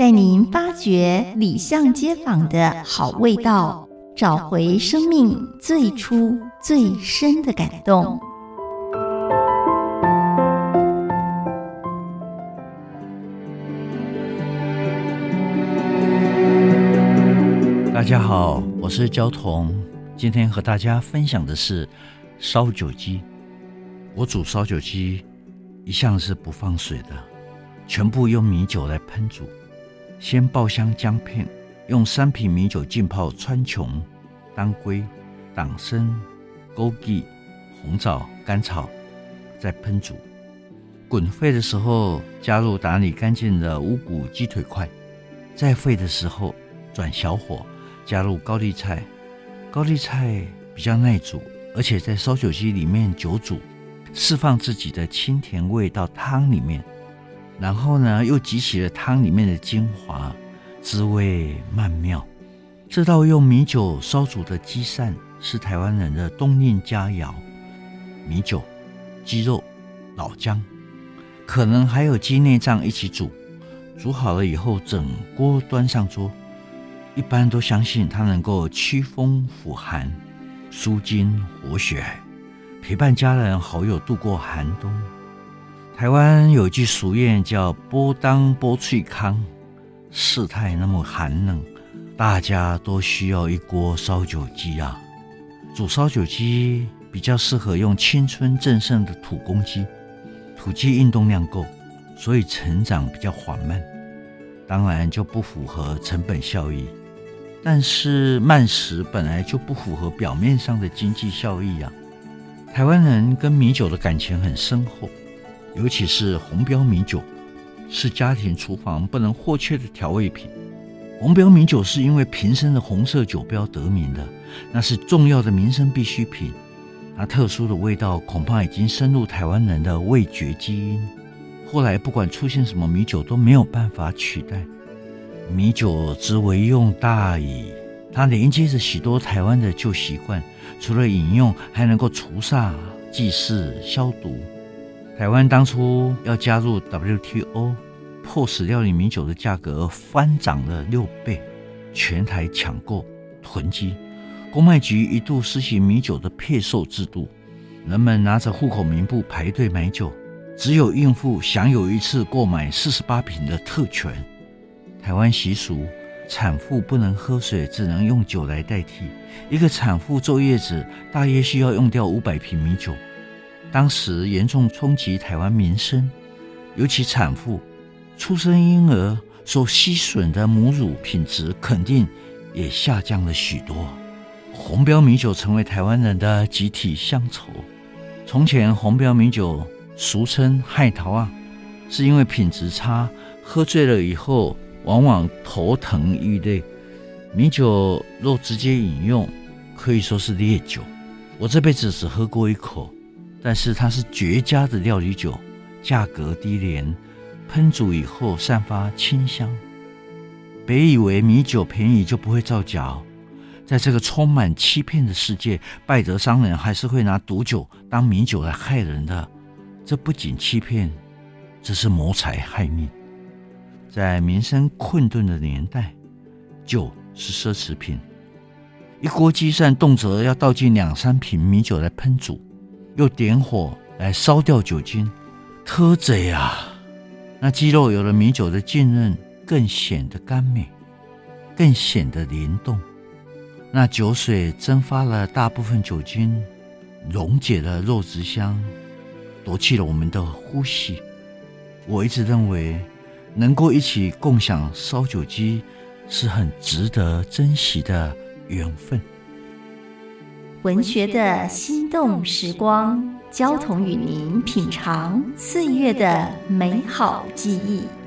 帶您發掘里巷街坊的好味道，找回生命最初最深的感動。大家好，我是焦桐，今天和大家分享的是燒酒雞。我煮燒酒雞一向是不放水的，全部用米酒來烹煮。先爆香薑片，用三瓶米酒浸泡川芎、當歸、黨參、枸杞、紅棗、甘草，再烹煮。滾沸的時候加入打理乾淨的無骨雞腿塊。再沸的時候轉小火，加入高麗菜。高麗菜比較耐煮，而且在燒酒雞裡面久煮，釋放自己的清甜味到湯裡面。然後呢，又汲取了湯裡面的精華，滋味曼妙。這道用米酒燒煮的雞膳是台灣人的冬令佳餚。米酒、雞肉、老薑，可能還有雞內臟一起煮，煮好了以後整鍋端上桌。一般都相信它能夠驅風祛寒、舒筋活血，陪伴家人好友度過寒冬。台灣有一句俗諺叫“補冬補嘴孔”，世態那麼寒冷，大家都需要一鍋燒酒雞啊。煮燒酒雞比較適合用青春正盛的土公雞，土雞運動量夠，所以成長比較緩慢，當然就不符合成本效益。但是慢食本來就不符合表面上的經濟效益啊。台灣人跟米酒的感情很深厚。尤其是紅標米酒，是家庭廚房不能或缺的調味品。紅標米酒是因為瓶身的紅色酒標得名的，那是重要的民生必需品。它特殊的味道恐怕已經深入台灣人的味覺基因。後來不管出現什麼米酒都沒有辦法取代。米酒之為用大矣，它連接着許多台灣的舊習慣，除了飲用，還能夠除煞、祭祀、消毒。台灣當初要加入 WTO，迫使料理米酒的價格翻漲了六倍，全台搶購囤積。公賣局一度施行米酒的配售制度，人們拿着戶口名簿排隊買酒，只有孕婦享有一次購買四十八瓶的特權。台灣習俗，產婦不能喝水，只能用酒來代替。一個產婦坐月子，大約需要用掉五百瓶米酒。當時嚴重衝擊台灣民生，尤其產婦、初生嬰兒所吸吮的母乳品質肯定也下降了許多。紅標米酒成為台灣人的集體鄉愁。從前紅標米酒俗稱“害桃”啊，是因為品質差，喝醉了以後往往頭疼欲裂。米酒若直接飲用，可以說是烈酒。我這輩子只喝過一口。但是它是絕佳的料理酒，價格低廉，烹煮以後散發清香。別以為米酒便宜就不會造假哦，在這個充滿欺騙的世界，敗德商人還是會拿毒酒當米酒來害人的。這不僅欺騙，這是謀財害命。在民生困頓的年代，酒是奢侈品，一鍋雞膳動輒要倒進兩三瓶米酒來烹煮。又點火來燒掉酒精，討債啊，那雞肉有了米酒的浸潤，更顯得甘美，更顯得靈動。那酒水蒸發了大部分酒精，溶解了肉質香，奪去了我們的呼吸。我一直認為，能夠一起共享燒酒雞，是很值得珍惜的緣分。文學的心動時光，焦桐與您品嘗歲月的美好記憶。